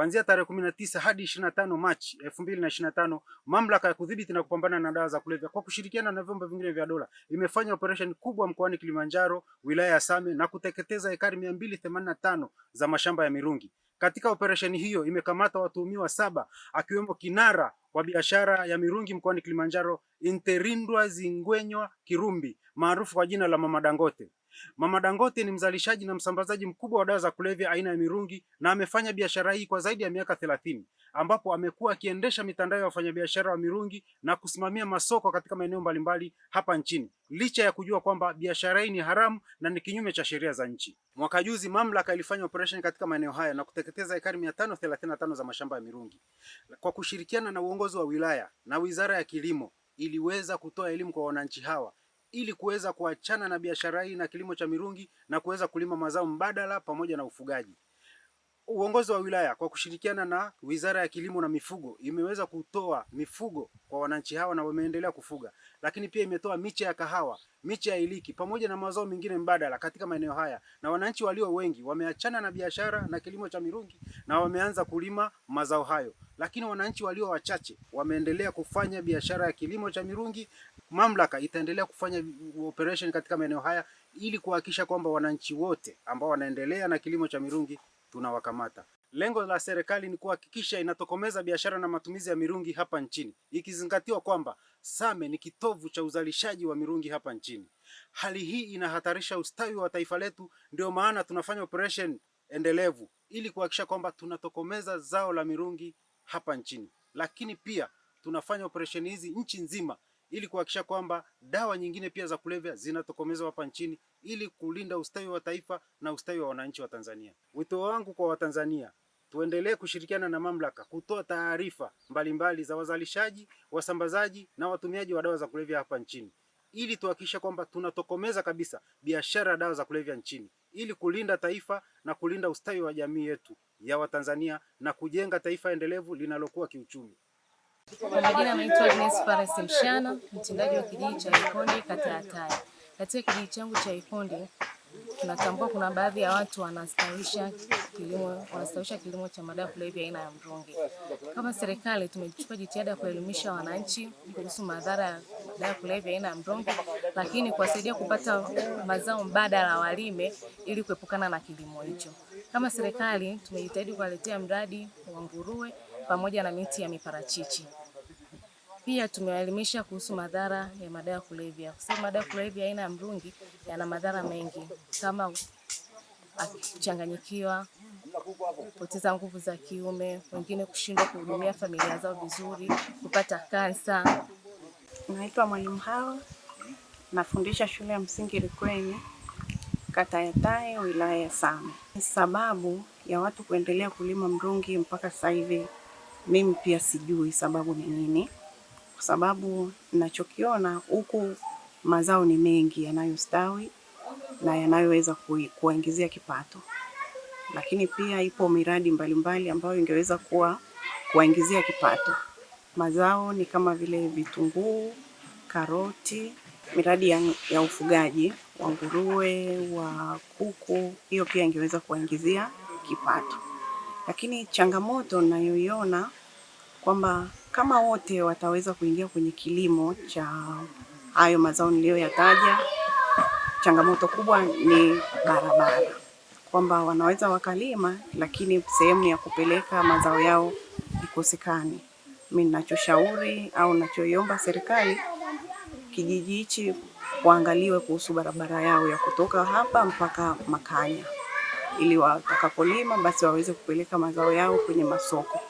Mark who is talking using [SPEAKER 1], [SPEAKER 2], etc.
[SPEAKER 1] kuanzia tarehe kumi na tisa hadi ishirini na tano Machi elfu mbili na ishirini na tano mamlaka ya kudhibiti na kupambana na dawa za kulevya kwa kushirikiana na vyombo vingine vya dola imefanya operesheni kubwa mkoani Kilimanjaro wilaya ya Same na kuteketeza ekari mia mbili themanini na tano za mashamba ya mirungi. Katika operesheni hiyo imekamata watuhumiwa saba akiwemo kinara wa biashara ya mirungi mkoani Kilimanjaro, Interindwa Zingwenywa Kirumbi maarufu kwa jina la Mama Dangote. Mama Dangote ni mzalishaji na msambazaji mkubwa wa dawa za kulevya aina ya mirungi na amefanya biashara hii kwa zaidi ya miaka thelathini ambapo amekuwa akiendesha mitandao ya wafanyabiashara wa mirungi na kusimamia masoko katika maeneo mbalimbali hapa nchini licha ya kujua kwamba biashara hii ni haramu na ni kinyume cha sheria za nchi. Mwaka juzi mamlaka ilifanya operesheni katika maeneo haya na kutek kuteketeza ekari 535 za mashamba ya mirungi. Kwa kushirikiana na uongozi wa wilaya na Wizara ya Kilimo iliweza kutoa elimu kwa wananchi hawa ili kuweza kuachana na biashara hii na kilimo cha mirungi na kuweza kulima mazao mbadala pamoja na ufugaji. Uongozi wa wilaya kwa kushirikiana na Wizara ya Kilimo na Mifugo imeweza kutoa mifugo kwa wananchi hawa na wameendelea kufuga, lakini pia imetoa miche ya kahawa, miche ya iliki pamoja na mazao mengine mbadala katika maeneo haya, na wananchi walio wengi wameachana na biashara na kilimo cha mirungi na wameanza kulima mazao hayo, lakini wananchi walio wachache wameendelea kufanya biashara ya kilimo cha mirungi. Mamlaka itaendelea kufanya operation katika maeneo haya ili kuhakikisha kwamba wananchi wote ambao wanaendelea na kilimo cha mirungi tunawakamata. Lengo la serikali ni kuhakikisha inatokomeza biashara na matumizi ya mirungi hapa nchini, ikizingatiwa kwamba Same ni kitovu cha uzalishaji wa mirungi hapa nchini. Hali hii inahatarisha ustawi wa taifa letu, ndio maana tunafanya operation endelevu ili kuhakikisha kwamba tunatokomeza zao la mirungi hapa nchini, lakini pia tunafanya operation hizi nchi nzima ili kuhakikisha kwamba dawa nyingine pia za kulevya zinatokomezwa hapa nchini ili kulinda ustawi wa taifa na ustawi wa wananchi wa Tanzania. Wito wangu kwa Watanzania, tuendelee kushirikiana na mamlaka kutoa taarifa mbalimbali za wazalishaji, wasambazaji na watumiaji wa dawa za kulevya hapa nchini ili tuhakikisha kwamba tunatokomeza kabisa biashara ya dawa za kulevya nchini ili kulinda taifa na kulinda ustawi wa jamii yetu ya Watanzania na kujenga taifa endelevu linalokuwa kiuchumi.
[SPEAKER 2] Kwa majina naitwa Agnes Fares Mshana, mtendaji wa kijiji cha Ikonde kata ya Taya. Katika kijiji changu cha Ikonde tunatambua kuna baadhi ya watu wanastawisha kilimo, wanastawisha kilimo cha madawa ya kulevya aina ya mronge. Kama serikali tumechukua jitihada kuelimisha wananchi kuhusu madhara ya madawa ya kulevya aina ya mronge, lakini kuwasaidia kupata mazao mbadala walime ili kuepukana na kilimo hicho. Kama serikali tumejitahidi kuwaletea mradi wa nguruwe pamoja na miti ya miparachichi. Pia tumewaelimisha kuhusu madhara ya madawa ya kulevya, kwa sababu madawa ya kulevya aina ya mrungi yana madhara mengi kama kuchanganyikiwa, kupoteza nguvu za kiume, wengine kushindwa kuhudumia familia zao vizuri, kupata kansa.
[SPEAKER 3] Naitwa Mwalimu Hawa, nafundisha shule ya msingi Likweni, kata ya Tai, wilaya ya Same. Sababu ya watu kuendelea kulima mrungi mpaka sasa hivi mimi pia sijui sababu ni nini, kwa sababu ninachokiona huku mazao ni mengi yanayostawi na yanayoweza kuwaingizia kipato, lakini pia ipo miradi mbalimbali ambayo ingeweza kuwa kuwaingizia kipato. Mazao ni kama vile vitunguu, karoti, miradi ya, ya ufugaji wa nguruwe, wa kuku, hiyo pia ingeweza kuwaingizia kipato. Lakini changamoto ninayoiona kwamba kama wote wataweza kuingia kwenye kilimo cha hayo mazao niliyoyataja, changamoto kubwa ni barabara, kwamba wanaweza wakalima, lakini sehemu ya kupeleka mazao yao ikosekani. Mimi ninachoshauri au ninachoiomba serikali, kijiji hichi waangaliwe kuhusu barabara yao ya kutoka hapa mpaka Makanya ili watakapolima basi waweze kupeleka mazao yao kwenye masoko.